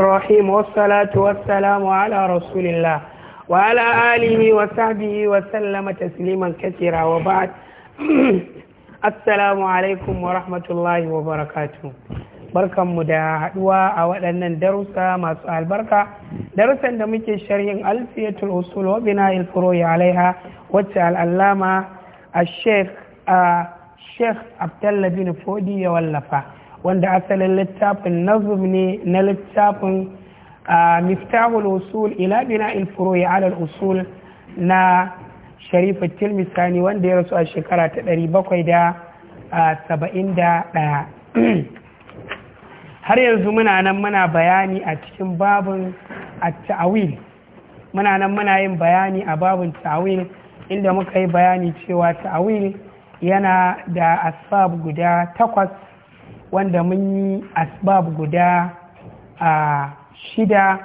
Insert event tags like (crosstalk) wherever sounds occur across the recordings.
الرحيم والصلاة والسلام على رسول الله وعلى آله وصحبه وسلم تسليما كثيرا وبعد (clears throat) السلام عليكم ورحمة الله وبركاته mu da haɗuwa a waɗannan darussa masu albarka darussan da muke sharhin alfiyatul usul wa bina ilfuroyi alaiha wacce al'allama a sheikh a sheikh abdalla bin fodi ya wallafa wanda asalin littafin nazum ne na littafin miftahul usul ila bina ilfuro ya alal usul na sharifa tilmisani wanda ya rasu a shekara ta ɗari bakwai da saba'in da ɗaya har yanzu muna nan muna bayani a cikin babin a ta'awil muna nan muna yin bayani a babin ta'awil inda muka yi bayani cewa ta'awil yana da asbab guda takwas wanda mun yi asbab guda a shida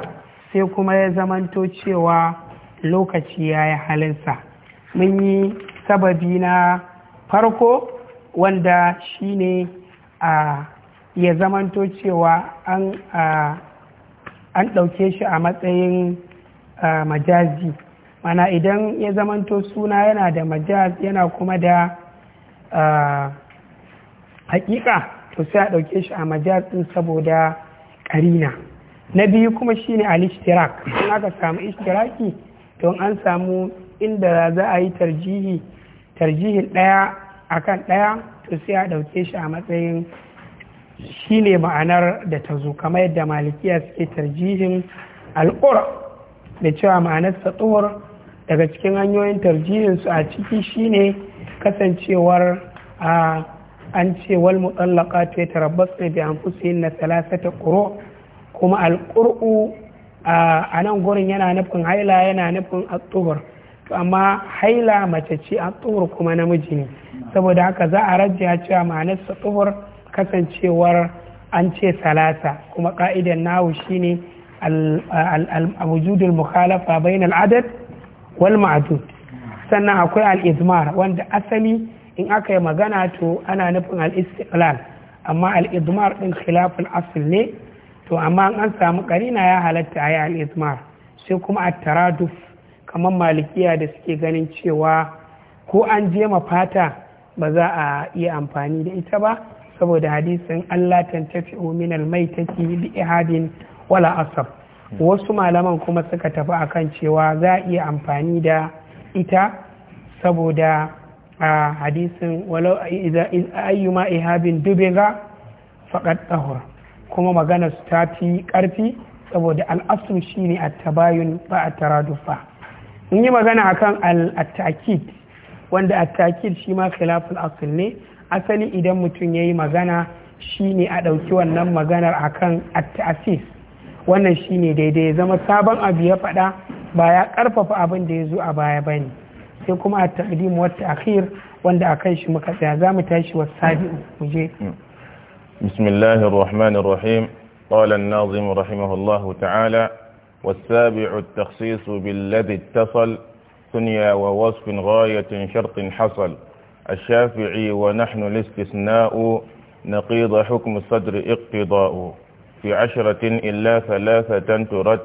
sai kuma ya zamanto cewa lokaci ya yi halinsa mun yi sababi na farko wanda shine a ya zamanto cewa an ɗauke shi a matsayin majazi mana idan ya zamanto suna yana da majaz yana kuma da hakika to sai a ɗauke shi a majaz ɗin saboda ƙarina na biyu kuma shine ne ishtirak in aka samu ishtiraki don an samu inda za a yi tarjihi tarjihin ɗaya akan ɗaya to sai a ɗauke shi a matsayin Shi ne ma'anar da ta zo kamar yadda malikiya suke tarjihin al'ura da cewa ma'anar tsohuwar daga cikin hanyoyin tarjihinsu a ciki shine kasancewar a ah, an ce wal mutallaqatu yatarabbasna bi na salasata quru kuma alƙur'u a nan gurin yana nufin haila yana nufin atubur to amma haila mace ce atubur kuma namiji ne saboda haka za a rajja cewa ma'anar atubur kasancewar an ce salasa kuma ka'idan nawu shine al-wujudul mukhalafa bainal adad wal ma'dud sannan akwai al-izmar wanda asali in aka yi magana to ana nufin al amma al ɗin khilafin khilaful ne to amma an samu ƙarina ya halatta a yi al’idmar sai kuma a taraduf kamar malikiya da suke ganin cewa ko an je fata ba za a iya amfani da ita ba saboda hadisin Allah tantafi'u mai ta maitati bi ihadin wala asab wasu malaman kuma suka tafi akan cewa za a iya amfani da ita saboda a hadisin walau ayyuma ihabin ga faɗaɗ ɗahura kuma magana su ta fi ƙarfi saboda al'asun shi ne a tabayun ba a dufa in yi magana a akan al'attakid wanda attakid shi ma khilafin asul ne asali idan mutum ya yi magana shi ne a ɗauki wannan maganar a kan attasis wannan shi ne daidai zama sabon abu ya faɗa ba ya ƙarfafa abin da ya zo a baya ba ne sai kuma a taqdim wa ta'khir wanda akai shi muka tsaya zamu tashi wasabi mu je bismillahir rahmanir rahim qala an-nazim rahimahullahu ta'ala was-sabi'u at-takhsisu ittasal والسابع wa wasf اتصل shart hasal ash-shafi'i wa nahnu al الاستثناء نقيض حكم الصدر اقتضاء في عشرة إلا ثلاثة ترد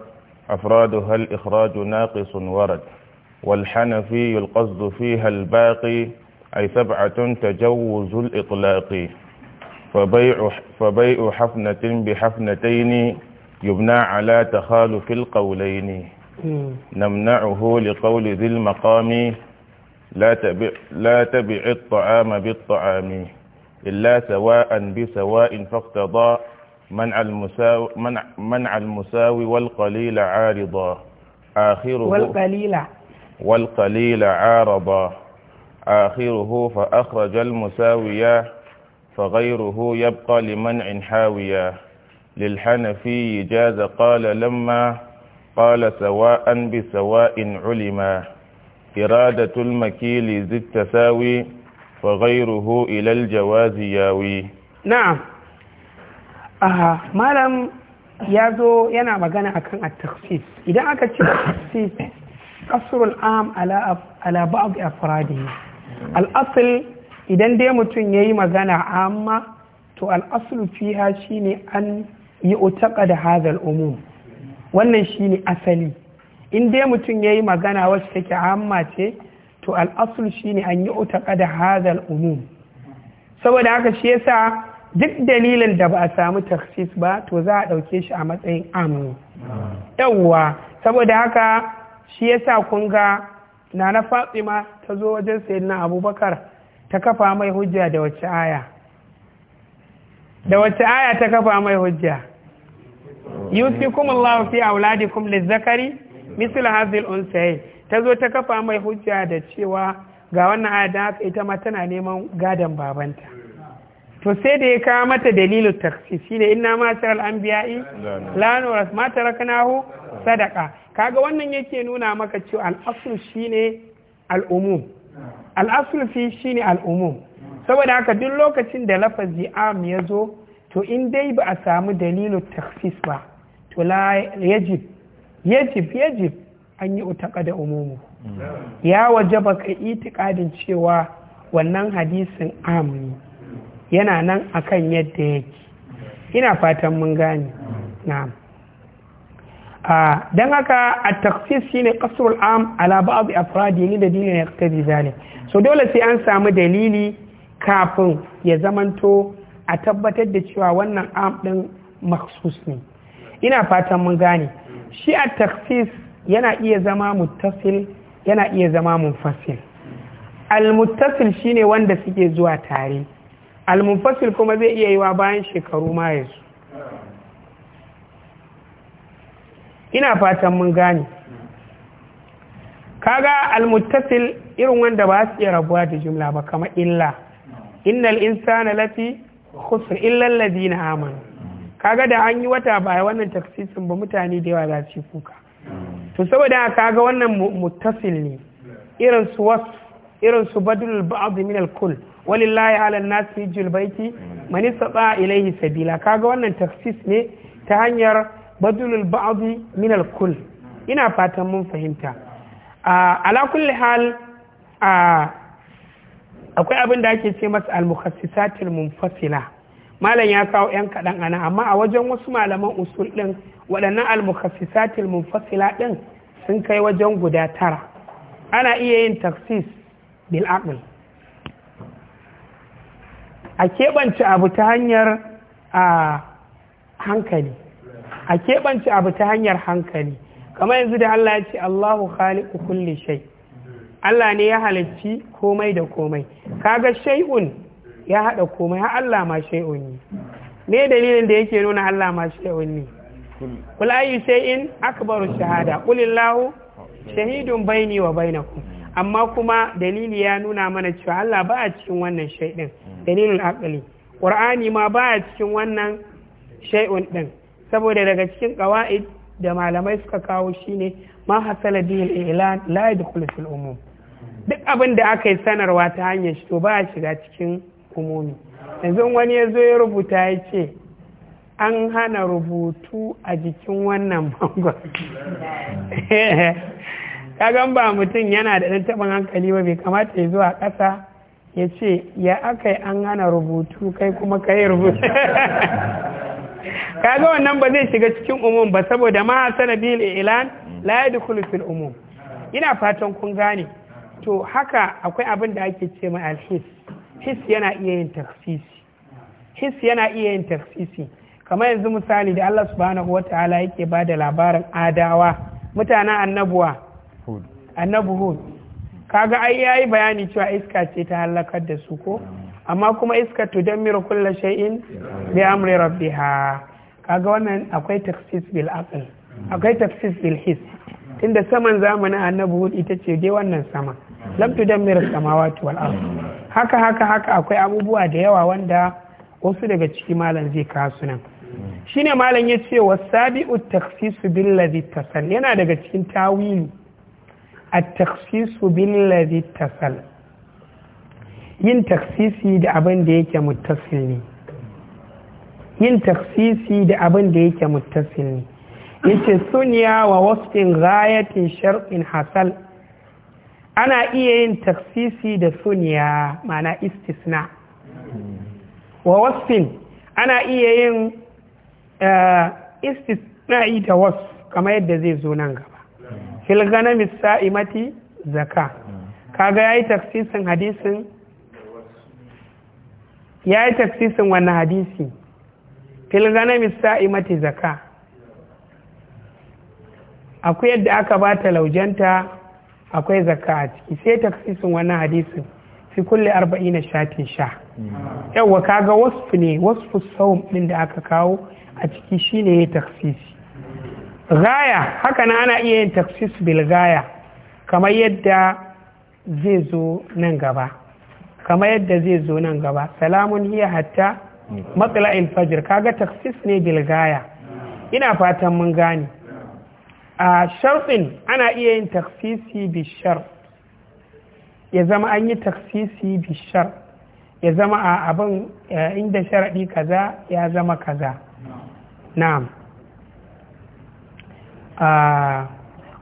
أفرادها الإخراج ناقص ورد والحنفي القصد فيها الباقي أي سبعة تجوز الإطلاق فبيع, فبيع حفنة بحفنتين يبنى على تخالف القولين نمنعه لقول ذي المقام لا تبع, لا تبع الطعام بالطعام إلا سواء بسواء فاقتضى منع المساوي, منع, منع المساوي والقليل عارضا آخره والقليل والقليل عارضا آخره فأخرج المساوية فغيره يبقى لمنع حاوية للحنفي جاز قال لما قال سواء بسواء علما إرادة المكيل ذي التساوي فغيره إلى الجواز ياوي نعم أها ما لم يزو ينا مغانا أكن التخصيص إذا أكتش التخصيص kasrul am ala ala ba'd afradihi al idan dai mutum yayi magana amma to al'asul fiha shine an yi utaka da hadal umum wannan shine asali in dai mutum yayi magana wacce take amma ce to al'asul shine an yi utaka da hazal umum saboda haka shi yasa duk dalilin da ba a samu taksis ba to za a ɗauke shi a matsayin amu yawwa saboda haka shi ya yasa kun ga na fatima ta zo wajen sayyidina abubakar ta kafa mai hujja da wacce aya da wacce aya ta kafa mai hujja kuma Allahu fi auladikum zakari misl hazil unsayi ta zo ta kafa mai hujja da cewa ga wannan aya da haka ita ma tana neman gadon babanta to sai da ya kawo mata dalilin taksisi ne inna ma an anbiya'i la nuras ma taraknahu sadaqa kaga wannan yake nuna maka cewa al'asul shine al'umum al'asul fi shine al'umum saboda haka duk lokacin da lafazi am ya zo to in dai ba a samu dalilu takhsis ba to la yajib yajib yajib an yi utaka da umumu ya wajaba ka itikadin cewa wannan hadisin am yana nan akan yadda yake ina fatan mun gane na'am Ah, dan haka a taksis shine qasrul am ala ba'd afradi ne da dalilin ya kaji zalik so dole sai an samu dalili kafin ya zamanto a tabbatar da cewa wannan am ɗin maksus ne ina fatan mun gane shi a taksis yana iya zama mutasil yana iya zama munfasil al-muttasil shine wanda suke zuwa tare al kuma zai iya yiwa bayan shekaru ma yasu ina fatan mun gane kaga almuttasil irin wanda ba su iya rabuwa da jumla ba kama illa innal insana lati khusr illa alladhina amanu kaga da an yi wata ba wannan taksisin ba mutane da yawa za su kuka to saboda kaga wannan muttasil ne irin su was irin su badul ba'd min al kull walillahi ala an nasi jul baiti man istata ilayhi sabila kaga wannan taksis ne ta hanyar badulul ba'adu min al ina fatan mun fahimta ala kulli hal akwai abin da ake ce masa al-mukhassisatil munfasila malam ya kawo yan kaɗan ana amma a wajen wasu malaman usul ɗin waɗannan al munfasila din sun kai wajen guda tara ana iya yin taksis bil aql a keɓance abu ta hanyar a hankali a keɓance abu ta hanyar hankali kamar yanzu da Allah ya ce Allahu khaliqu kulli shay Allah ne ya halicci komai da komai kaga shay'un ya hada komai har Allah ma shay'un ne me dalilin da yake nuna Allah ma shay'un ne kul ayu shay'in akbaru shahada qul illahu shahidun baini wa bainakum amma kuma dalili ya nuna mana cewa Allah ba a cikin wannan shay'in dalilin aqli qur'ani ma ba a cikin wannan shay'un din saboda daga cikin ƙawa'id da malamai suka kawo shine ma hasala dihil ilan la yadkhulu fil umum duk abin da aka yi sanarwa ta hanyar shi to ba a shiga cikin umumi yanzu wani ya zo ya rubuta ya ce an hana rubutu a jikin wannan bangon (laughs) kagan ba mutum yana da ɗan taɓin hankali ba bai kamata ya zuwa ƙasa ya ce ya aka yi an hana rubutu kai kuma ka yi rubutu (laughs) kaga wannan ba zai shiga cikin umum ba saboda ma sanabil ilan la yadkhulu fil umum ina fatan kun gane to haka akwai abin da ake ce mai alhis his yana iya yin tafsiri his yana iya yin kamar yanzu misali da Allah subhanahu wataala yake ba da labarin adawa mutanen annabuwa annabu hud kaga ai yayi bayani cewa iska ce ta halakar da su ko amma kuma iska mira kulla shay'in bi amri rabbiha kaga wannan akwai tafsis bil aql akwai tafsis bil his tunda saman zamani annabi hud ita ce dai wannan sama lam mira samawati wal ard haka haka haka akwai abubuwa da yawa wanda wasu daga ciki malam zai kasu nan shine malam ya ce ut tafsis bil ladhi tasal yana daga cikin tawili at tafsis bil ladhi tasal yin taksisi da abin da yake muttasil ne yin taksisi da abin da yake muttasil ne yace sunya wa wasfin ghayatin shar'in hasal ana iya yin taksisi da sunya mana istisna wa wasfin ana iya yin eh, istisna'i da wasf kamar yadda zai zo nan gaba filgana ganami sa'imati zaka kaga yayi taksisin hadisin ya yi tafsisin wani hadisi filganami mati zaka akwai yadda aka ba ta laujanta akwai zaka a ciki sai tafsisin wani hadisi fi kulle na shatin sha yawwa kaga wasu ne wasu saum ɗin da aka kawo a ciki shi ne ya tafsisi gaya haka na ana iya yin taksis bilgaya kamar yadda zai zo nan gaba kama yadda zai zo nan gaba salamun hiya hatta matsala'il fajir kaga taksis ne bilgaya ina fatan mun gane a sharɗin ana iya yin taksisi bishar ya zama an yi taksisi bishar ya zama a abin eh, inda sharaɗi kaza ya zama kaza na'am ah,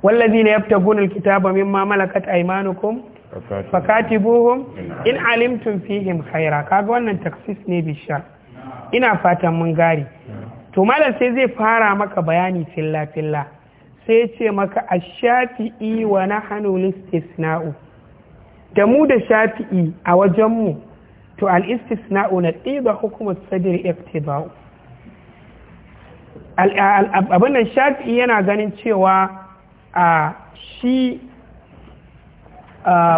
wallazi na yabta gunar kitaba mimma malakat aimanukum Fakati buhum in alimtum fihim khaira kaga wannan taksis ne bishar ina fatan mun gari to malam sai zai fara maka bayani filla filla sai ce maka a shafii wa nahnu listisna'u da mu da shafi'i a wajen to al-istisna'u na ɗiba hukumar sadir iftiba'u abin nan shafi'i yana ganin cewa a shi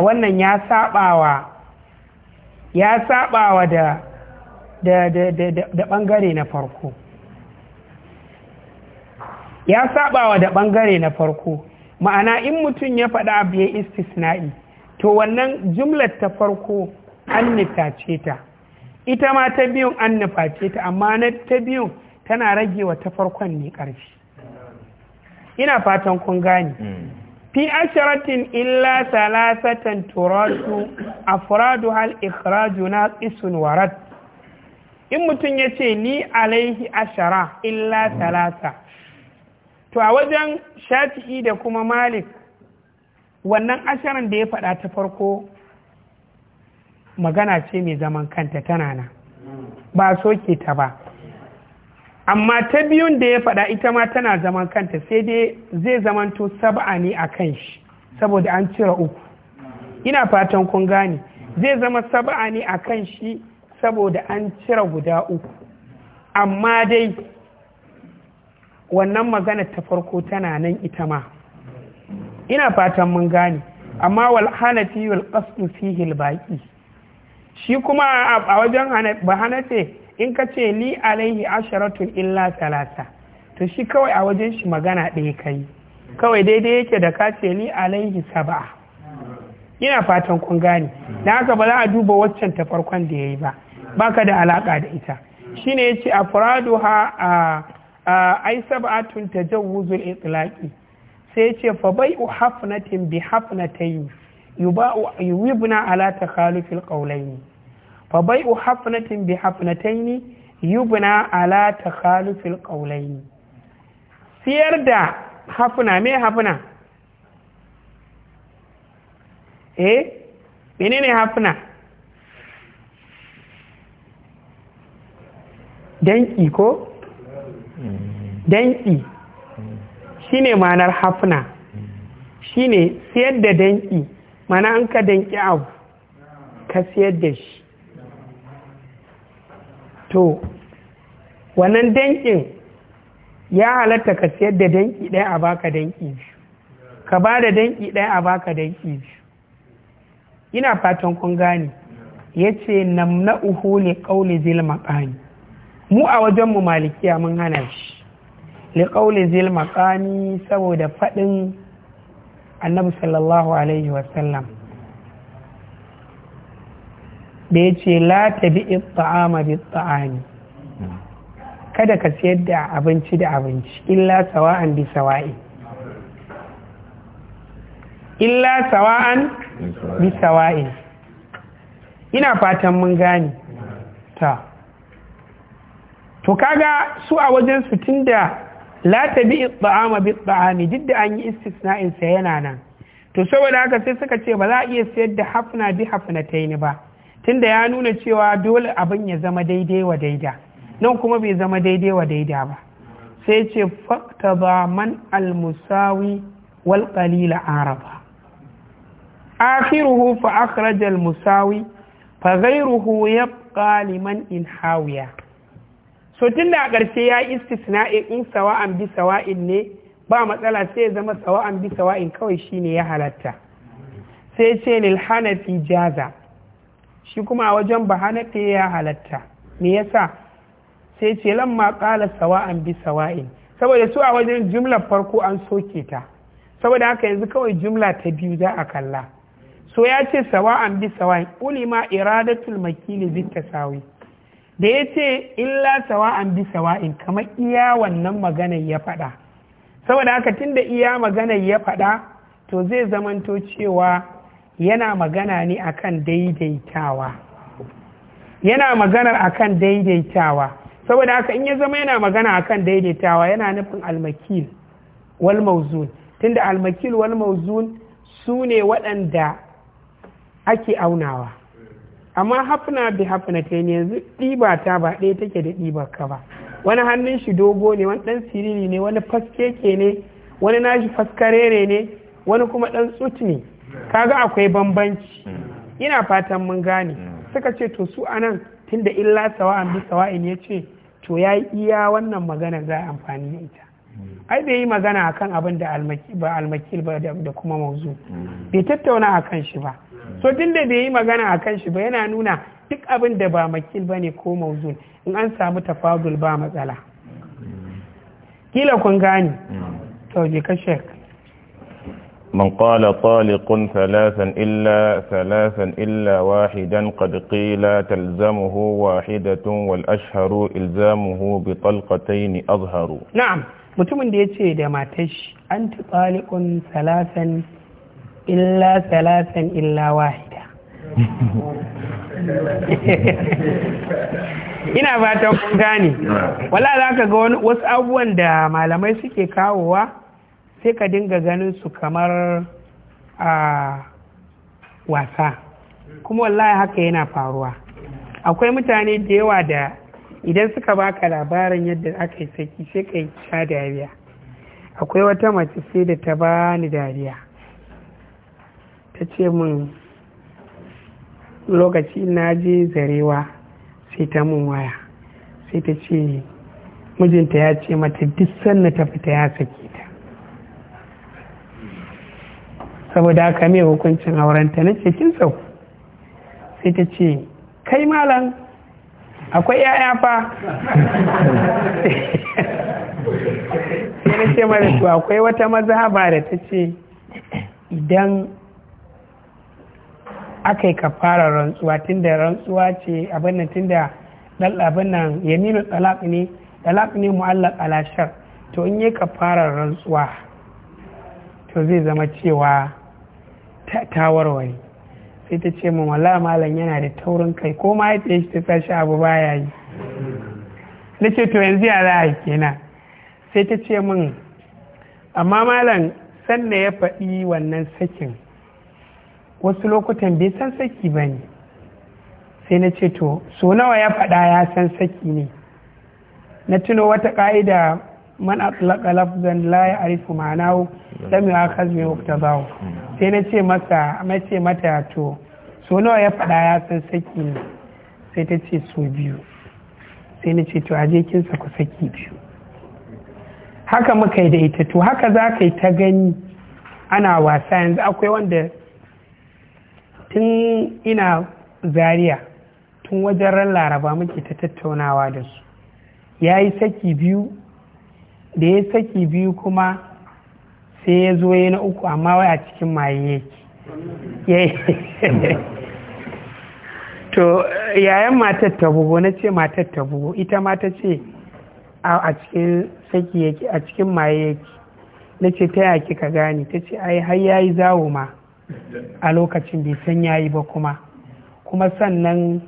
wannan ya sabawa ya sabawa da da da da bangare na farko ya sabawa da bangare na farko ma'ana in mutum ya faɗa abu ya istisna'i to wannan jumlar ta farko an ce ta ita ma ta biyun an nufaceta ta amma na ta biyun tana ragewa ta farkon ne ƙarfi ina fatan kun gane hmm. fi asharatin illa salasatan turatu afradu hal ikhraju naqisun warad in mutum ya ce ni alaihi ashara illa salasa to a wajen shafi'i da kuma malik wannan asharan da ya faɗa ta farko magana ce mai zaman kanta tana nan ba soke ta ba amma ta biyun da ya faɗa ita ma tana zaman kanta sai dai zai zamanto saba'a ne a kan shi saboda an cire uku ina fatan kun gane zai zama saba'a ne a kan shi saboda an cire guda uku amma dai wannan magana ta farko tana nan ita ma ina fatan mun gane amma wal hanafi wal qasdu fihi al baqi shi kuma a wajen ba hanafi in ka ce li alaihi asharatun illa talata to shi kawai a wajen shi magana ɗaya kai kawai daidai yake da ka ce li alaihi saba'a ina fatan kun gane da haka ba za a duba waccan ta farkon da ya yi ba baka da alaka da ita shine yace afraduha a ai sab'atun tajawuzul itlaqi sai yace fa bai'u hafnatin bi hafnatayn yuba'u yubna ala takhalufil qawlayn fa bai'u hafnatin bi hafnataini yubna ala takhalufil qawlaini siyar da hafna me hafna eh menene hafna danki ko danki shine ma'anar hafna shine siyar da danki mana an ka danki abu ka siyar da shi to wannan dankin ya halatta ka siyar da danki ɗaya a baka danki biyu ka ba da danki ɗaya a baka danki biyu ina fatan kun gane ya ce na uhu ne qawli zil maqami mu a wajenmu malikiya mun hana shi li qawli zil maqami saboda faɗin annabi sallallahu alaihi wasallam da ya ce la bi ta'ama bi ta'ami kada ka sayar da abinci da abinci illa sawa'an bi sawa'i illa sawa'an bi sawa'i ina fatan mun gane ta to kaga su a wajen su tunda la bi ta'ama bi ta'ami duk da an yi istisna'in sa yana nan to saboda haka sai suka ce ba za a iya sayar da hafna bi hafnataini ba tunda ya nuna cewa dole abin ya zama daidai wa daida nan kuma bai zama daidai wa daida ba sai ce fakta ba man almusawi wal qalila araba akhiruhu fa akhraja almusawi fa ghayruhu yabqa liman in hawiya so tunda a ƙarshe ya istisna'i in sawa'an bi sawa'in ne ba matsala sai ya zama sawa'an bi sawa'in kawai shine ya halatta sai ce lil hanafi jaza shi kuma a wajen bahanate ya halatta me yasa sai ce lan ma qala sawa'an bi sawa'in saboda su a wajen jumla farko an soke ta saboda haka yanzu kawai jumla ta biyu za a kalla so ya ce sawa'an bi sawa'in ulima iradatul makili bi tasawi da ya ce illa sawa'an bi sawa'in kamar iya wannan maganar ya faɗa saboda haka tunda iya maganar ya faɗa to zai zamanto cewa yana magana ne akan daidaitawa yana maganar akan daidaitawa saboda haka in ya zama yana magana akan daidaitawa yana nufin almakil wal tunda almakil wal mauzun su ne waɗanda ake aunawa amma hafna bi hafna ta yanzu ɗiba ta ba ɗaya take da ɗiba ka ba wani hannun shi dogo ne wani ɗan siriri ne wani faskeke ne wani nashi faskarere ne wani kuma ɗan tsut ne kaga akwai bambanci hmm. ina fatan mun gane hmm. suka ce to su anan tunda illa sawa'an bi sawa'in ya ce to ya yi iya wannan magana za a amfani da ita hmm. ai bai yi magana akan abin da almakil ba da kuma mauzu bai tattauna akan shi ba so tunda bai yi magana akan shi ba yana nuna duk abin da ba makil ba ne ko mauzu in an samu tafadul ba matsala kila kun gane to je ka shek من قال طالق ثلاثا إلا ثلاثا إلا واحدا قد قيل تلزمه واحدة والأشهر إلزامه بطلقتين أظهر نعم mutumin da ya ce da matashi an ti tsalikun salasan illa salasan illa wahida ina ta kun gani wala za ka ga wasu abubuwan da malamai suke kawowa sai ka dinga ganin su kamar a wasa kuma wallahi haka yana faruwa akwai mutane da yawa da idan suka baka labarin yadda aka yi saki sai ka yi sha dariya akwai wata mace sai da ta ba ni dariya ta ce min lokaci na je zarewa sai ta mun waya sai ta ce mijinta ya ce mata duk sannan ta fita ya sake ta saboda haka mai hukuncin aurenta na cikin sau sai ta ce kai malam akwai yaya fa (laughs) sai ce mara su akwai wata mazaba da ta ce idan aka yi kafara rantsuwa tun da rantsuwa ce abin nan tunda abin yaminu talaq ne talaq ne mu'allar alashar to in yi kafarar rantsuwa to zai zama cewa ta warware sai ta ce min wala malam yana da taurin kai ko ma ya shi ta sashi abu baya yi na ce to yanzu ya za a kenan sai ta ce min amma malam sanda ya faɗi wannan sakin wasu lokutan bai san saki ba ne sai na ce to so nawa ya faɗa ya san saki ne na tuno wata ƙa'ida man atlaka lafzan la ya'rifu ma'anahu lam yu'akhaz bi muqtadahu sai na ce masa na ce mata ya to so nawa ya faɗa ya san saki ne sai ta ce so biyu sai na ce to aje kin sa ku saki biyu haka muka yi da ita to haka za ka yi ta gani ana wasa yanzu akwai wanda tun ina zaria tun wajen ran laraba muke ta tattaunawa da su ya yi saki biyu da ya saki biyu kuma sai ya zo ya na uku amma wai a cikin maye yake (laughs) to yayan matar ta bugo na ce matar ta bugo ita ma ta ce a cikin saki yake a maye yake na ce ta ya kika gane ta ce ai har yayi zawo ma a lokacin bai san yayi ba kuma kuma sannan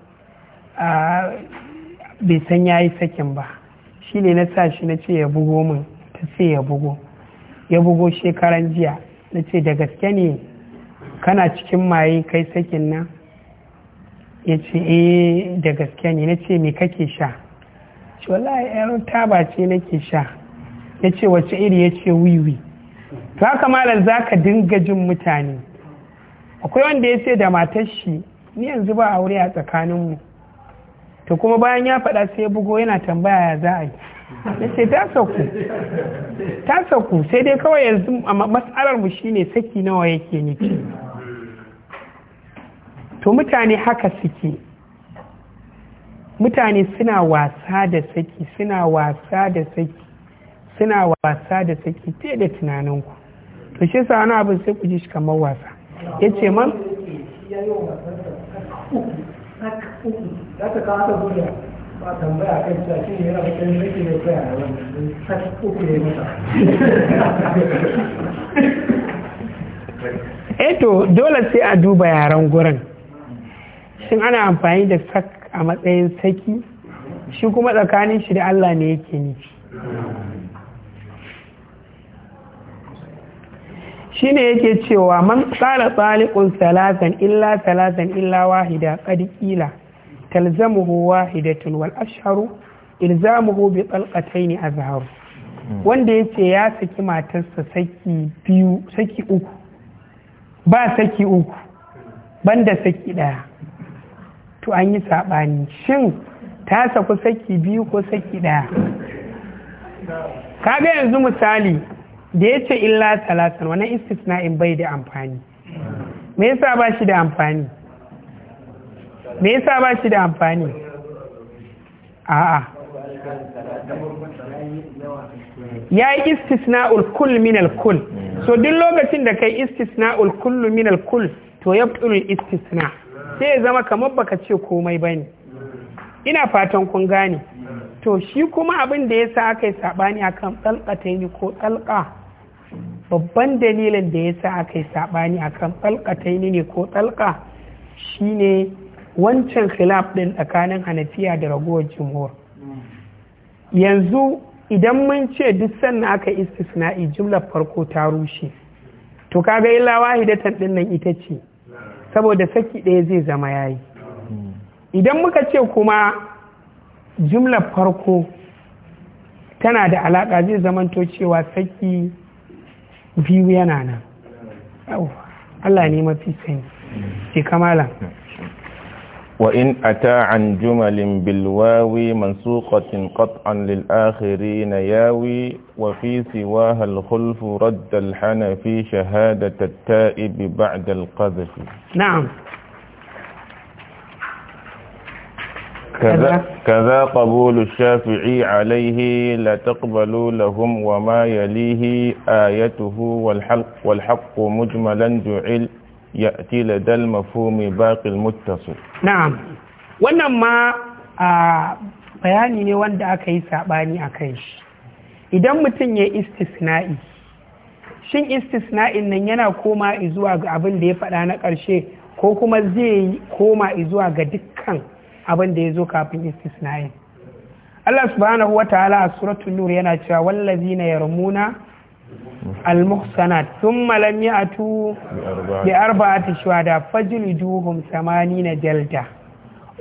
bai san yayi sakin ba shi ne na sa shi na ce ya bugo min ta ce ya bugo ya bugo shekaran jiya na ce da gaske ne kana cikin maye kai sakin nan ya ce eh da gaske ne na ce me kake sha ce wallahi yaron taba ce nake sha ya ce wace iri ya ce wiwi to haka malam za ka dinga jin mutane akwai wanda ya ce da matar shi ni yanzu ba aure a tsakaninmu to kuma bayan ya faɗa sai ya bugo yana tambaya ya za a yi na ce ta sauku ta sauku sai dai kawai yanzu a matsalar mu shine saki nawa yake nufi to mutane haka suke mutane suna wasa da saki suna wasa da saki suna wasa da saki te da tunaninku to shi sa wani abin sai ku ji shi kamar wasa ya ce man za ta kasa ta duniya ba tambaya kai cewa shi ne yana da kan rike kai a wannan sashi uku ne masa (laughs) eto eh dole sai a duba yaren gurin shin ana amfani da sak a matsayin saki shi kuma tsakanin shi da Allah ne yake nufi shi ne yake cewa man tsara tsalikun salatan illa salatan illa wahida ƙadi ƙila talzamuhu wahidatun wal asharu ilzamuhu ne a azharu wanda yace ya saki matarsa saki biyu saki uku ba saki uku banda saki ɗaya to an yi saɓani shin ta saku saki biyu ko saki ɗaya kaga yanzu misali da ya ce illa talatin wani in bai da amfani me yasa ba shi da amfani me yasa ba shi da amfani a'a ya yi istisna ulkul min kul. so duk lokacin da kai istisna ulkul min al to yabtul istisna sai ya zama kamar baka ce komai ba ne. ina fatan kun gane to shi kuma abin da ya sa aka yi sabani akan yi ko tsalka? babban dalilin da ya sa aka yi sabani akan yi ne ko tsalka? Shi ne. wancan khilaf din tsakanin hanafiya da ragowar jumhur yanzu idan mun ce duk sannan aka istisna'i jumlar farko ta rushe to kaga illa wahidatan din nan ita ce saboda saki ɗaya zai zama yayi idan muka ce kuma jumlar farko tana da alaƙa zai zamanto cewa saki biyu yana nan Allah ne mafi sani ke kamala وإن أتى عن جمل بالواو منسوقة قطعا للآخرين ياوي وفي سواها الخلف رد الحنفي شهادة التائب بعد القذف نعم كذا, كذا قبول الشافعي عليه لا تقبلوا لهم وما يليه آيته والحق, والحق مجملا جعل ya'ti ladal mafhumi baqil muttasil na'am wannan ma bayani ne wanda aka yi sabani akan shi idan mutum ya istisna'i shin istisna'in nan yana koma zuwa ga abin da ya faɗa na ƙarshe ko kuma zai koma zuwa ga dukkan abin da ya zo kafin istisna'in Allah subhanahu wa ta'ala a suratul nur yana cewa wallazina yarmuna المحصنات ثم لم يأتوا بأربعة شهداء فجلدوهم ثمانين جلدة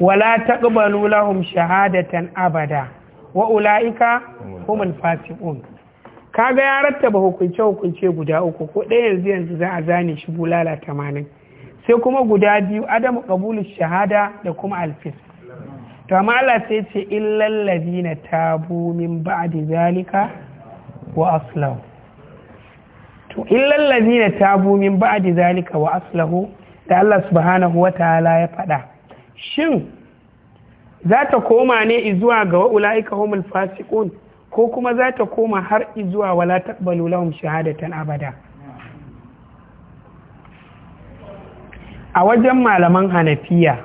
ولا Abada, لهم شهادة أبدا وأولئك هم الفاسقون kaga ya rattaba hukunce hukunce guda uku ko ɗaya yanzu yanzu za a zane shi bulala tamanin sai kuma guda biyu adamu kabulu shahada da kuma alfis to amma sai ce illal ladina tabu min ba'di zalika wa aslahu to illal ladina tabu min ba'di zalika wa aslahu da Allah subhanahu wa ta'ala ya faɗa shin za ta koma ne zuwa ga wa'ula'ika humul fasiqun ko kuma za ta koma har zuwa wala taqbalu lahum shahadatan abada a wajen malaman hanafiya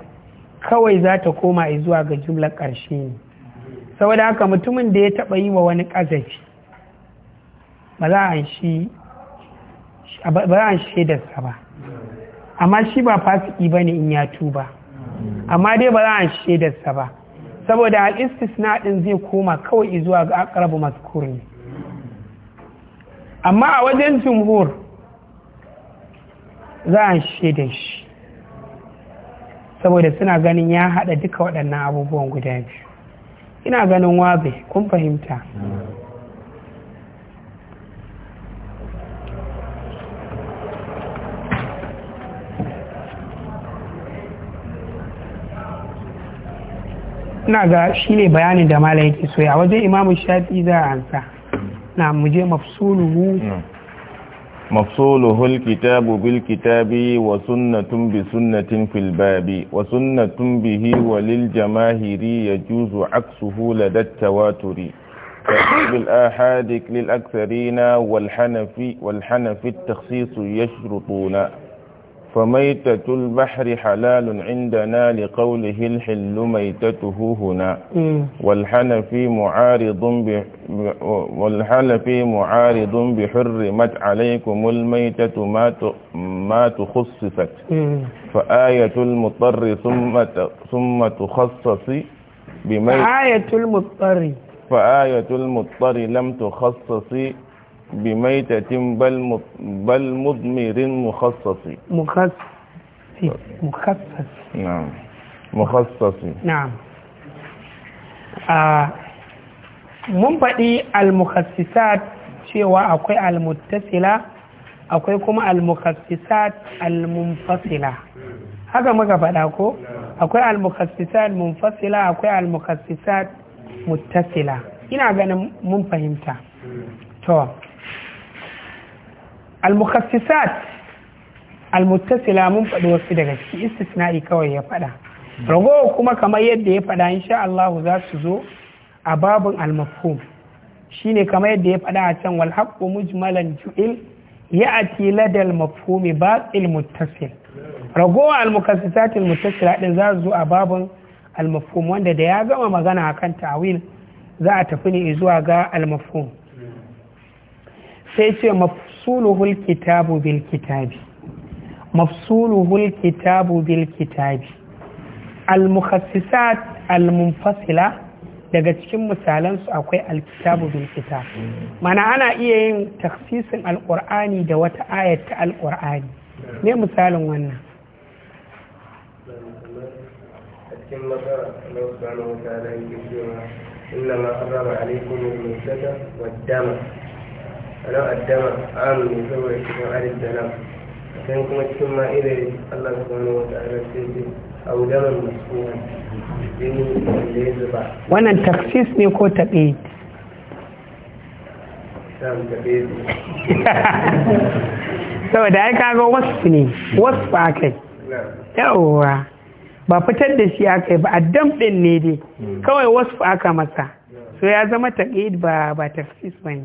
kawai za ta koma izuwa ga jumlar ƙarshe ne saboda haka mutumin da ya taɓa yi wa wani ƙazafi ba za a shi ba a shaidarsa ba amma shi ba fasiki ba ne in ya tuba amma dai ba za a shaidarsa ba saboda al'istisna ɗin zai koma kawai zuwa ga akarabu maskur amma a wajen jumhur za a da shi saboda suna ganin ya haɗa duka waɗannan abubuwan guda biyu ina ganin wabe kun fahimta na ga shine bayanin da mala yake so wajen imamu shafi za a ansa na muje mafsuluhu مفصوله الكتاب بالكتاب وسنة بسنة في الباب وسنة به وللجماهير يجوز عكسه لدى التواتر بالآحاد للأكثرين والحنفي والحنفي التخصيص يشرطون فميتة البحر حلال عندنا لقوله الحل ميتته هنا والحنفي معارض والحنفي معارض بحرمت عليكم الميتة ما ما تخصصت فآية المضطر ثم ثم تخصص بميت آية المضطر فآية المضطر لم تخصص بميتة بل بل مضمر مخصص مخصص مخصص نعم مخصص نعم ا آه، من بدي المخصصات شيوا اكوي المتصله اكوي كما المخصصات المنفصله هذا ما غفدا اكو اكوي المخصصات المنفصله اكوي المخصصات متصله ina ganin mun fahimta to al mun faɗi wasu daga ciki istisna'i kawai ya faɗa ragowa kuma kamar yadda ya faɗa insha Allah za su zo a babin al shine kamar yadda ya faɗa a can wal haqqu mujmalan ju'il ya'ti ladal mafhumi batil muttasil ragowa al-mukhassisat al-muttasila din za su zo a babin al wanda da ya gama magana akan ta'wil za a tafi ne zuwa ga al sai ce mafsuluhul kitabu bil kitabi mafsuluhul kitabu bil kitabi al-mukhassisat al-munfasila daga cikin misalansu akwai alkitabu bil kitab mana ana iya yin taksisin alkur'ani da wata ayat ta alkur'ani ne misalin wannan cikin nasara na wasu ana wata ala yake cewa inna ma harrama alaikum al-mutaka wa sanau addama amu ne saboda cikin da sai kuma cikin Allah sai jini ya zuba wannan taksis ne ko taɓe (laughs) saboda ya kaga wasu ne wasu ba kai yawwa ba fitar da shi aka yi ba a ɗin ne dai hmm. kawai wasu aka masa so ya zama taƙid ba ba tafsis ba ne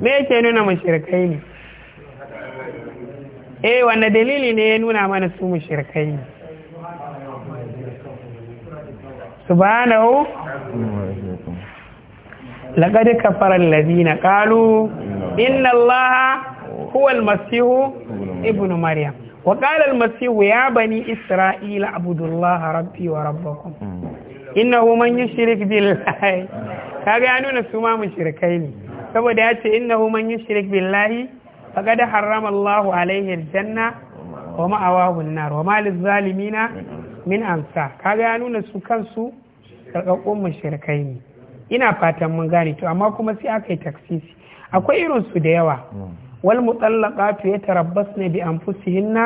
me yake nuna mashirkai ne eh wanne dalili ne ya nuna mana su mashirkai ne subhanahu laqad kafara alladhina qalu inna allaha huwa almasihu ibnu maryam wa qala almasihu ya bani isra'ila abudullaha rabbi wa rabbakum hmm. innahu man yushrik billahi kaga ya nuna su ma mushrikai ne saboda ya ce inna man yushrik billahi faqad harrama Allahu alaihi aljanna wa ma'awahu an-nar wa malil zalimina min ansa kaga ya nuna su kansu mu mushrikai ne ina fatan mun gane to amma kuma sai aka yi taksisi akwai irin su da yawa wal mutallaqatu yatarabbasna bi anfusihinna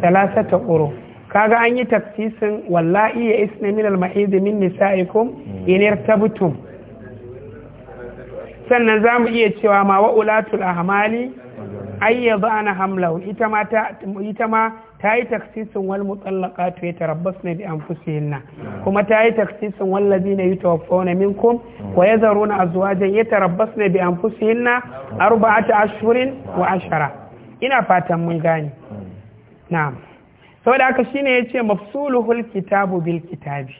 thalathata quru kaga an yi taksisin wallahi ya isna min al-mahid min nisaikum in irtabtum sannan za mu iya cewa ma wa'ulatul ahmali ayyaba ana hamlahu ita ma ta ita ma ta yi taksisin wal mutallaqatu yatarabbasna bi kuma ta yi taksisin wal ladina yatawaffawna minkum wa na bi'an yatarabbasna na? anfusihinna ta ashirin wa ashara ina fatan mun gane na'am saboda haka shine yace mafsuluhul kitabu bil kitabi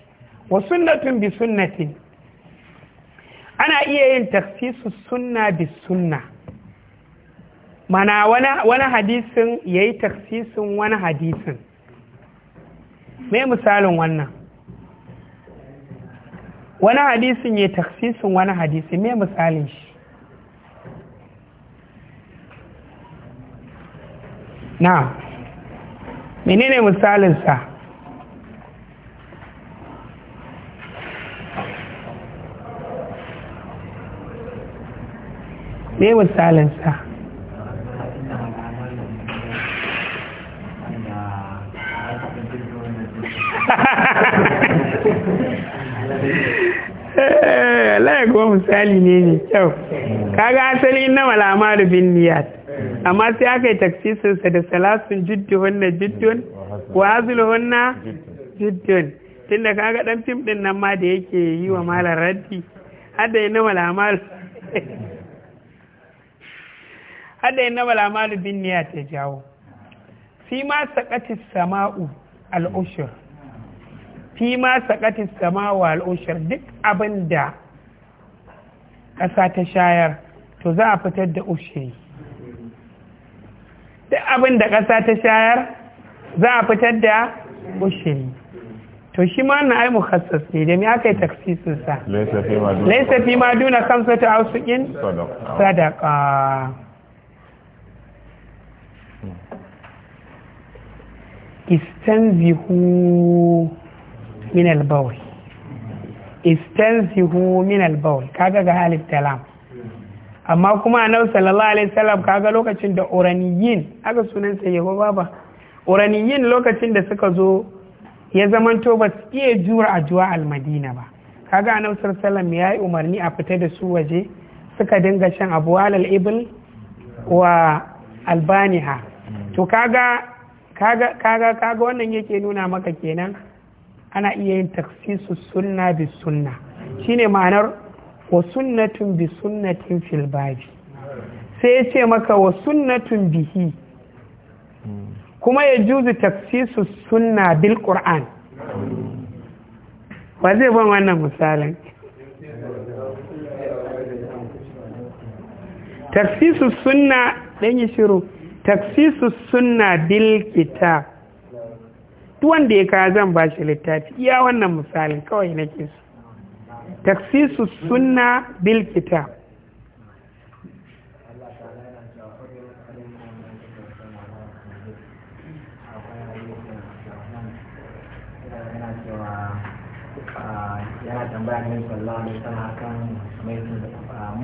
wa sunnatun bi sunnatin ana iya yin taksisu sunna bis sunna mana wani hadisin ya yi taksisin wani hadisin me misalin wannan wani hadisin ya taksisin wani hadisi me misalin shi na menene misalinsa me sa? Allah kuma misali ne ne kyau kaga asali na malama da bin niyat amma sai aka yi taksisinsa da salasun jidduhunna jiddun wa hazluhunna jiddun tunda kaga dan fim din nan ma da yake yi wa malar raddi hadda na malama kada ya nama lamalu bin niyya ta jawo fi ma saƙatis sama'u al'ushir fi ma saƙatis sama'u al'ushir duk abin da ƙasa ta shayar to za a fitar da ushiri duk abin da ƙasa ta shayar za a fitar da ushiri to shi ma na ai mukhassas ne da me aka yi taksisin sa laisa fi ma duna ta ausuqin sadaka. istanzihu min al-bawl istanzihu min al-bawl kaga ga halif talam amma kuma annabi sallallahu alaihi wasallam kaga lokacin da uraniyin aka sunan sa yabo baba uraniyin lokacin da suka zo ya zamanto ba su iya jura a juwa al-madina ba kaga annabi sallallahu alaihi wasallam yayi umarni a fita da su waje suka dinga shan abu alal ibil wa albaniha to kaga kaga kaga wannan yake nuna maka kenan ana iya yin taksisu sunna bi sunna shine ma'anar wa sunnatun bi sunnatin fil sai ya ce maka wa sunnatun bihi kuma ya juzu taksisu sunna bil qur'an ba zai ban wannan misalin taksisu sunna ɗan yi shiru taksisu suna bil kita wanda ya ka zan ba shi littafi iya wannan misalin kawai na su taksisu suna bil kita yana tambaya ah,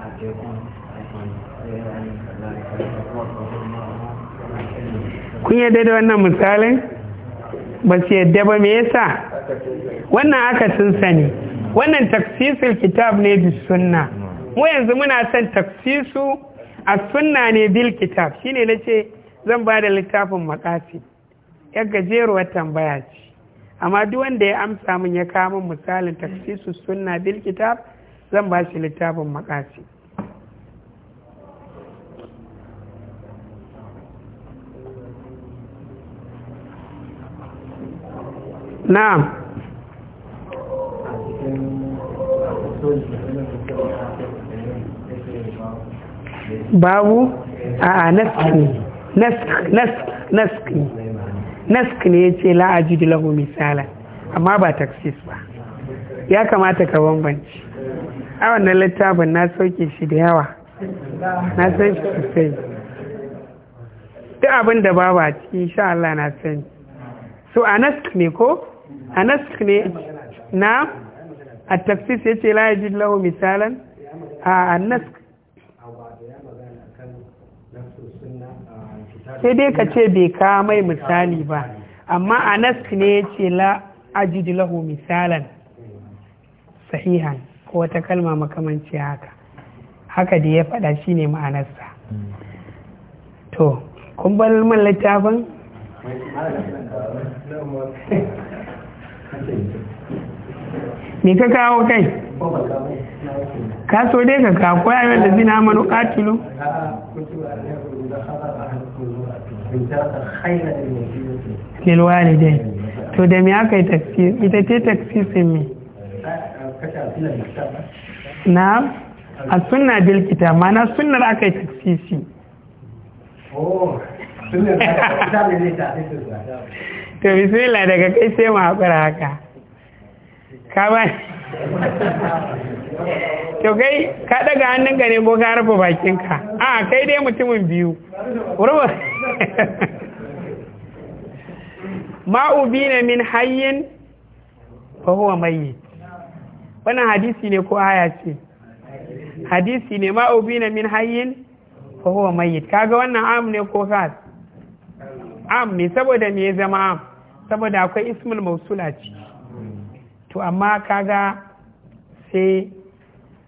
ah, teku kun yadda da wannan misalin ba su yadda ba me yasa wannan aka sun sani wannan taksisul kitab ne bi sunna mu yanzu muna son taksisu a sunna ne bil kitab shine ce zan ba da littafin makasi yar gajeruwar tambaya ce amma duk wanda ya amsa min ya kawo min misalin taksisu sunna bil kitab zan ba shi littafin makasi na'am babu a nask ne nask nask ne nask ya ce la'aji da lahu misala amma ba taksis ba ya kamata ka bambanci a wannan littafin na sauke shi da yawa na san shi sosai duk abin babu a ciki insha Allah na sani so a nask ne ko anas ne na a tafsir ya ce la lahu misalan a anas sai dai ka ce bai kama mai misali ba amma anas ne ya ce la lahu misalan sahihan ko wata kalma makamanci haka haka da ya faɗa shi ne ma'anarsa to kun bar man littafin me ka kawo kai ka so dai ka kawo ko ayyukan da zina amanu qatilu lil dai. to da me aka yi tafsir ita ce sun mi? na a sunna bilkita, kitab mana sunnar aka yi oh, sun. to bismillah daga kai sai mu haƙura haka ka ba to kai ka daga hannunka ne ko ka rufe ka, a kai dai mutumin biyu ma'ubi na min hayyin fa huwa mayyit wannan hadisi ne ko aya ce hadisi ne ma'ubi na min hayyin fa huwa mayyit kaga wannan am ne ko kas am ne saboda me ya zama am saboda akwai ismul mausula ce to amma kaga sai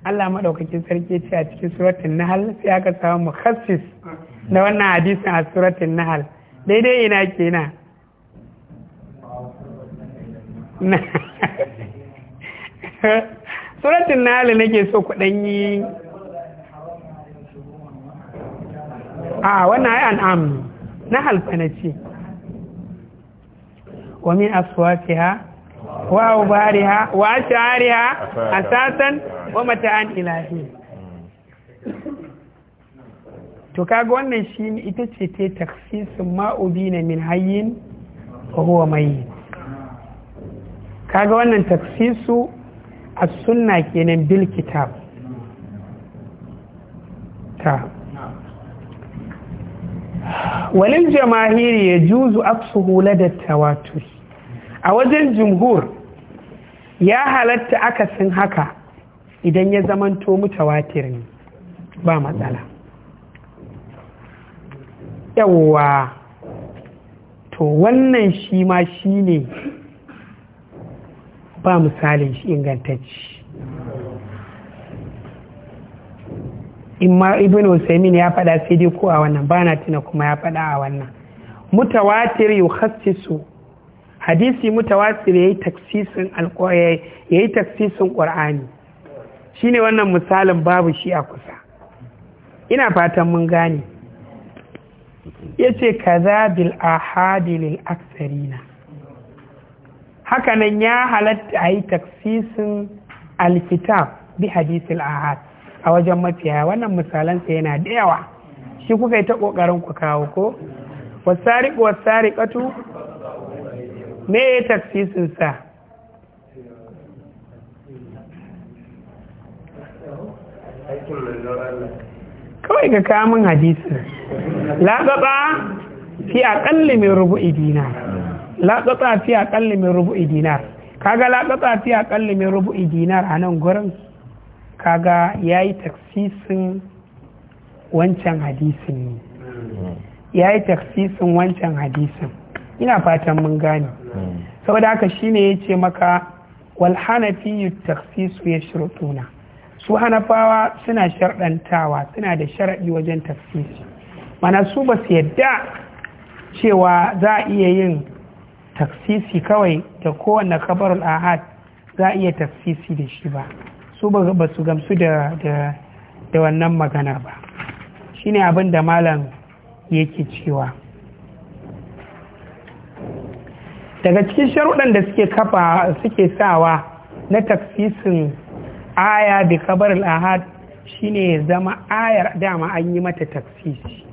Allah maɗaukakin sarki ce a cikin suratun nahal sai aka samu mukhassis na wannan hadisin a suratun nahal daidai ina kenan (laughs) suratun nahal nake so ku yi a wannan ai an'am na halfanace wa min ha wa ha wa a satan wa mata'an ilahi to kaga wannan shi ita ce ta taksisin ma'ubina min hayin wa huwa mai kaga wannan taksisu a sunna kenan bil kitab ta walil jamahiri ya juzu aksuhu da tawatur a wajen jumhur ya halatta akasin haka idan ya zamanto mutawatir ne ba matsala yawwa to wannan shi ma shi ne ba misalin shi ingantacci in ma ibn usaimin ya faɗa sai dai ko a wannan ba na tuna kuma ya faɗa a wannan mutawatir yukhassisu hadisi mutawatir yayi taksisin alqur'ani yayi taksisin qur'ani shine wannan misalin babu shi a kusa ina fatan mun gane yace kaza bil ahadi lil aksarina hakanan ya halatta ayi taksisin alkitab bi hadisil ahad a wajen mafiya wannan misalansa yana da yawa shi kuka yi ta ƙoƙarin ku kawo ko wasari wasari ƙatu me ya tafsisin sa kawai ka kamun hadisin laɓaɓa fi ƙalli min rubu idina laɓaɓa fi ƙalli min rubu idina kaga laɓaɓa fi a ƙalli min rubu idina a nan gurin kaga ya yi taksisin wancan hadisin ne ya yi taksisin wancan hadisin ina fatan mun gane saboda haka shine ya ce maka walhanafi taksisu ya shirutuna su hanafawa suna sharɗantawa suna da sharaɗi wajen taksisi mana su ba su yadda cewa za a iya yin taksisi kawai da kowane kabarul ahad za a iya taksisi da shi ba su ba su gamsu da da wannan magana ba shine abin da malam yake cewa daga cikin sharuɗan da suke kafa suke sawa na tafsisin aya bi kabar al-ahad shine ya zama ayar dama an yi mata tafsisi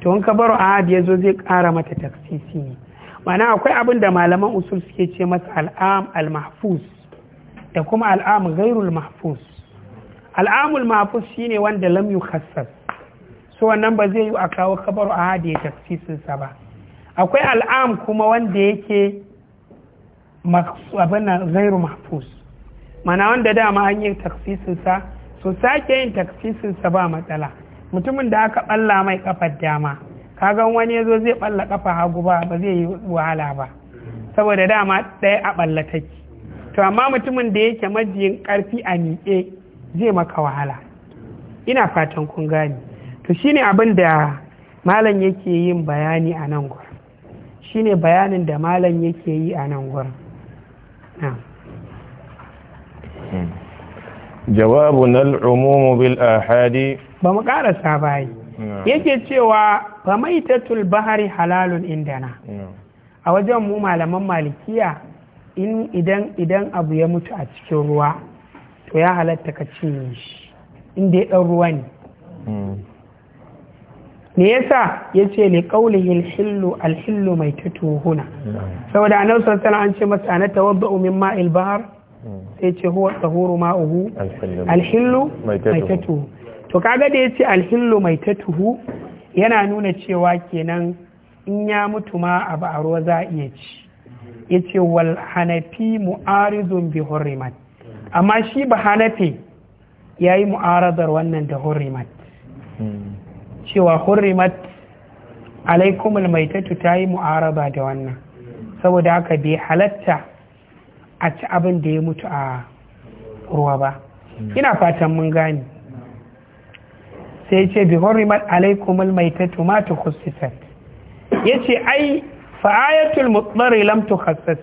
to in kabar ahad ya zo zai ƙara mata tafsisi ne mana akwai abin da malaman usul suke ce masa al'am al-mahfuz da kuma al'am gairul mahfuz al'amul mahfuz shine wanda lam yukhassas so wannan ba zai yi a kawo kabaru a hadiye tafsirinsa ba akwai al'am kuma wanda yake abin gairul mahfuz mana wanda dama an yi tafsirinsa so sake yin tafsirinsa ba matsala mutumin da aka balla mai kafar dama kagan wani ya zo zai balla kafa hagu ba ba zai yi wahala ba saboda dama ɗaya a ɓallatacce to amma mutumin da yake majiyin ƙarfi a miƙe zai maka wahala ina fatan kun gane to shine abin da malam yake yin bayani a nan gurin shine bayanin da malam yake yi a nan gurin na hmm. al'umumu bil ahadi ba mu ƙarasa bayi hmm. yake cewa ba maitatul bahari halalun indana hmm. a wajen mu malaman malikiya in idan idan abu ya mutu a cikin ruwa to ya halatta ka cinye shi inda ya ɗan ruwa ne hmm. me yasa ya ce li qaulihi hillu al-hillu mai tutuhuna hmm. saboda annabi sallallahu an ce masa ana tawaddu min ma'il bahr hmm. sai ce huwa tahuru ma'uhu al-hillu mai tuhu. to kaga da yace al-hillu mai tuhu, yana nuna cewa kenan in ya mutu ma abu a ruwa za a iya ci Ya ce wal hanafi mu'arizun bi hurrimat amma shi ba hanafi yi mu'arazar wannan da hurrimat cewa hurrimat alaikumul maitatu ta yi mu'araba da wannan saboda haka bai halatta a ci abin da ya mutu a ruwa ba ina fatan mun gani sai ce bi hurrimat alaikumul maitatu ma tukhsisat yace ai fa ayatul mutsari lam tukhassas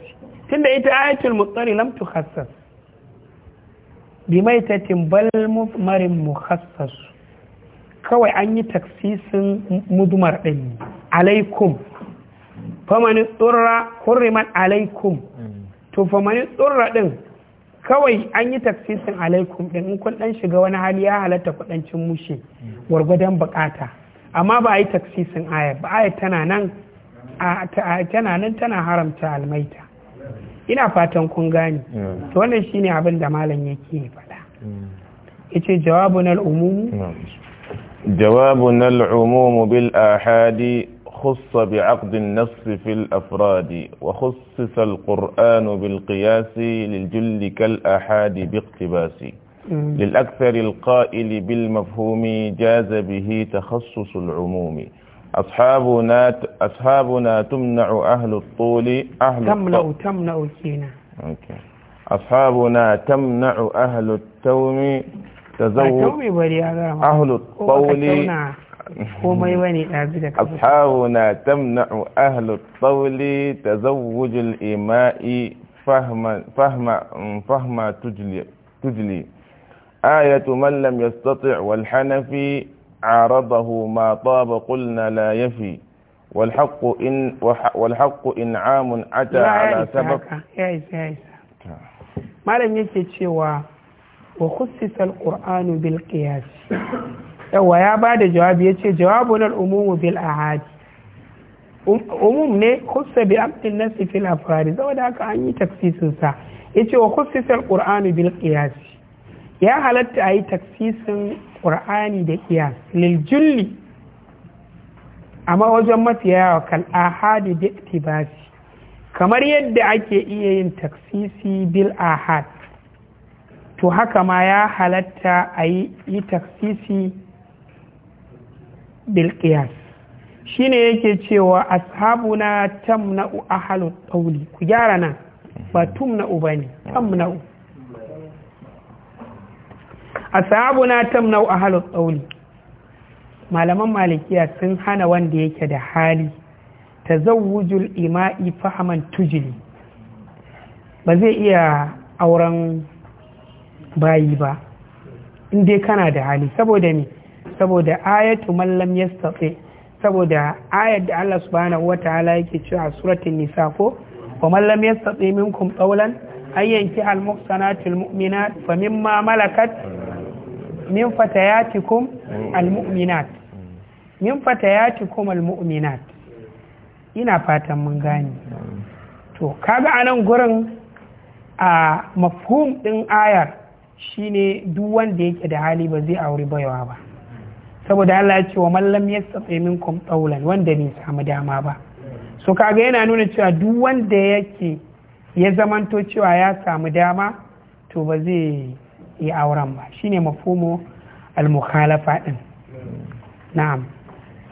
tunda ita ayatul mutsari lam tukhassas bi maitatin bal mu mukhassas kawai an yi taksisin mudumar din alaikum famani tsurra hurriman alaikum to famani tsurra din kawai an yi taksisin alaikum din in kun dan shiga wani hali ya halatta kudancin mushe gwargwadon bukata amma ba a yi taksisin ayar ba ayar tana nan tana nan tana haramta almaita ina fatan kun gane to wannan shine abin da malam yake faɗa yace jawabun al'umumu jawabun al'umumu bil ahadi خص بعقد النص في الأفراد وخصص القرآن بالقياس للجل كالأحاد باقتباس للأكثر القائل بالمفهوم جاز به تخصص العموم أصحابنا أصحابنا تمنع أهل الطول أهل تمنع الطول. تمنع الكينة أصحابنا تمنع أهل التوم تزوج أهل الطول أصحابنا تمنع أهل الطول تزوج الإماء فهما فهما فهما تجلي تجلي آية من لم يستطع والحنفي عارضه ما طاب قلنا لا يفي والحق إن والحق إنعام أتى على سبب يا إسا يا إسا ما لم يكتشوا وخصص القرآن بالقياس ya ba da jawabi ya ce jawabun al'umumu bil ne kusa bi amtin nasi fil afradi saboda haka an yi taksisin sa ya ce wa kusa al qur'anu bil qiyas ya halatta a yi taksisin alƙur'ani da ƙiyas, lil julli amma wajen mafiya yawa kal ahadi da tibasi kamar yadda ake iya yin taksisi bil ahad to haka ma ya halatta a yi taksisi bil Shi ne yake cewa ashabuna tamna'u ahalu ɗauli, ku gyara nan ba tumna'u bane tamna'u na tamnau halin tsauni. malaman malikiya sun hana wanda yake da hali ta tazawwujul ima'i fahaman tujili ba zai iya auren bayi ba in kana da hali saboda ne saboda ayatu mallam ya yastati saboda ayat da Allah subhanahu wataala yake cewa a suratun nisa ko wa mallam ya yastati minkum qawlan ayyanki al muhsanatil mu'minat fa mimma malakat min fatayatikum almu'minat min fatayatikum almu'minat ina fatan mun gane to kaga anan gurin a mafhum din ayar shine duk wanda yake da hali ba zai auri baiwa ba saboda Allah ya ce wa mallam yastati minkum tawlan wanda bai samu dama ba so kaga yana nuna cewa duk wanda yake ya zamanto cewa ya samu dama to ba zai yi auren ba shi ne al-mukhalafa din na'am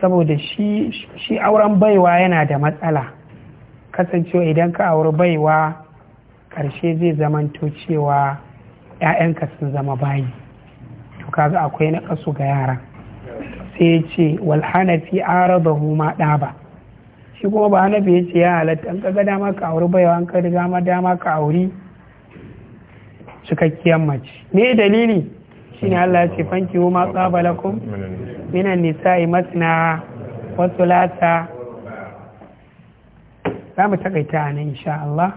saboda shi auren baiwa yana da matsala kasancewa idan ka auri baiwa karshe zai zamanto cewa 'ya'yanka sun zama bayi to kaga akwai na kasu ga yara sai ya ce walhanafi aradahu huma ɗaba shi kuma ba hanafi ya ce ya halatta an kaga dama ka auri baiwa an ka dama dama ka auri cikakkiyar mace me dalili shi ne Allah ya ce fanki ma tsaba minan nisa'i masna wa lata za mu takaita nan insha Allah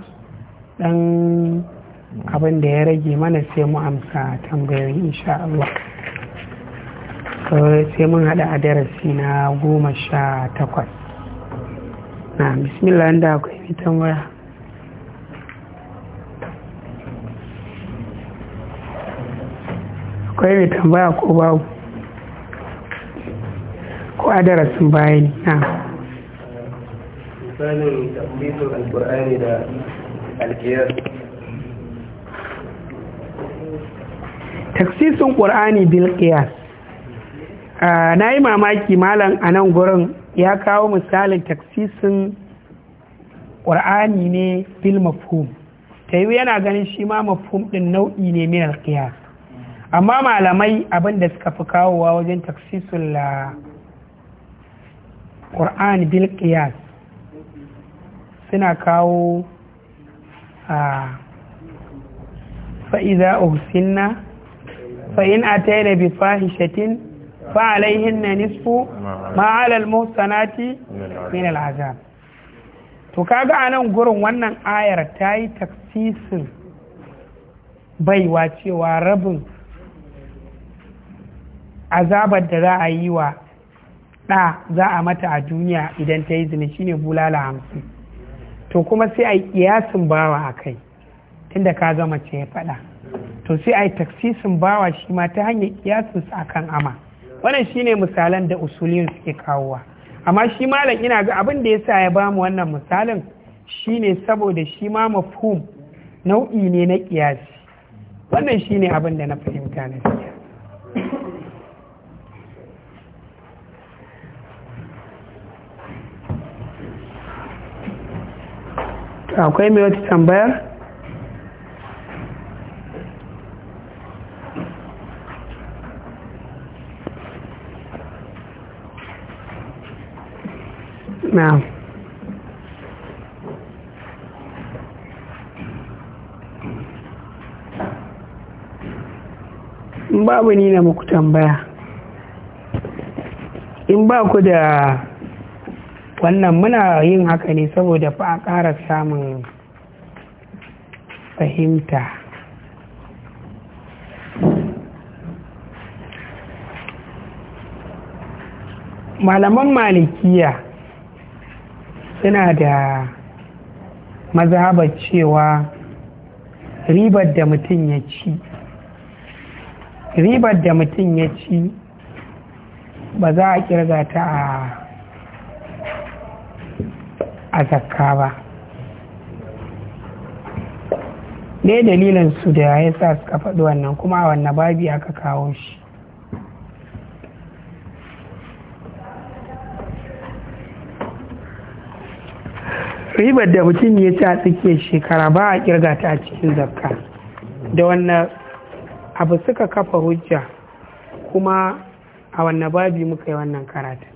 dan abin da ya rage mana sai mu amsa tambayoyi insha Allah sai mun hada a darasi na goma sha takwas na bismillah da akwai tambaya akwai mai tambaya ko babu ko a darasin na misalin ƙur'ani bilkiyar na yi mamaki malam a nan gurin ya kawo misalin taksisun ƙur'ani ne bilmafum ta yi yana ganin shi ma mafum ɗin nau'i ne min alkiyar amma malamai abinda suka fi kawowa wajen taksisul la ah, ƙur'an bilkiyas suna kawo a ah, fa'iza uhsinna fa'in a taida bi fahishatin fa'alaihin na nisfu ma'alal muhsanati min al'azab to kaga a nan gurin wannan ayar ta yi taksisin baiwa cewa rabin azabar da za a yi wa ɗa za a mata a duniya idan ta yi zini shine bulala hamsin to kuma sai a yi kiyasin bawa a kai tunda ka zama ce ya faɗa to sai a yi taksisin bawa shi ma ta hanyar kiyasin su akan ama wannan shine misalan da usulin suke kawowa amma shi malam ina ga abin da ya sa ya bamu wannan misalin shine saboda shi ma mafhum nau'i ne na kiyasi wannan shine abin da na fahimta na akwai ah, mai wata tambayar na'am babu ni na muku tambaya in ba da wannan muna yin haka ne saboda fa a ƙara samun fahimta malaman malikiya suna da mazhabar cewa ribar da mutum ya ci ribar da mutum ya ci ba za a kirga ta a a zakka ba ɗaya dalilin su da ya sa suka faɗi wannan kuma wannan babi aka kawo shi ribar da mutum ya ci a tsakiyar shekara ba a kirga ta a cikin zakka da wannan abu suka kafa hujja kuma a wannan babi muka yi wannan karatun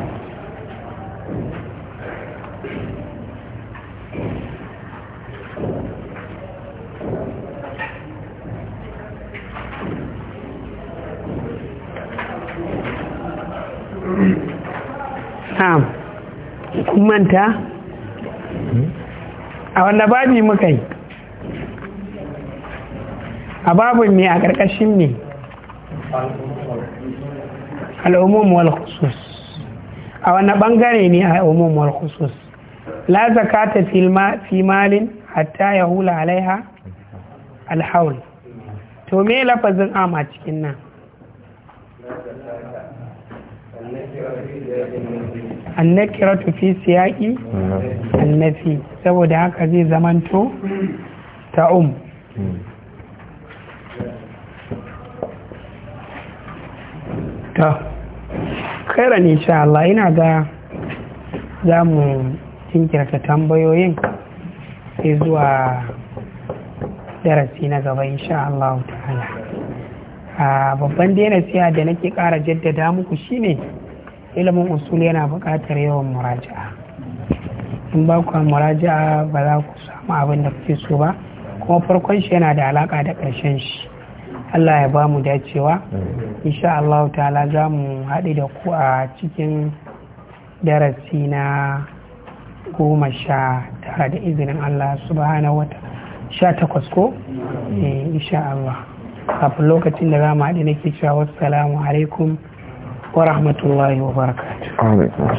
na'am kun manta a wanda babi muka yi a babin ne a ƙarƙashin ne al'ummuwar khusus a wani ɓangare ne a al'ummuwar khusus la zakata fi malin hatta ya hula alaiha alhaul to me lafazin am a cikin nan annakiratu fi siyaki annafi saboda haka zai zamanto ta'um ta um. ne sha Allah ina ga za mu ta tambayoyin sai zuwa darasi na gaba insha Allah ta'ala a ah, babban daina siya da nake ƙara jaddada muku shine ilimin usul yana buƙatar yawan muraja'a in ba ku muraja'a ba za ku samu abin da kuke so ba kuma farkon shi yana da alaƙa da ƙarshen shi Allah ya ba mu dacewa insha Allah ta'ala za mu haɗu da ku a cikin darasi na goma sha tara da izinin Allah subhanahu wata sha takwas ko eh, insha Allah kafin lokacin da za mu haɗu nake cewa wassalamu alaikum wa rahmatullahi wa barakatuh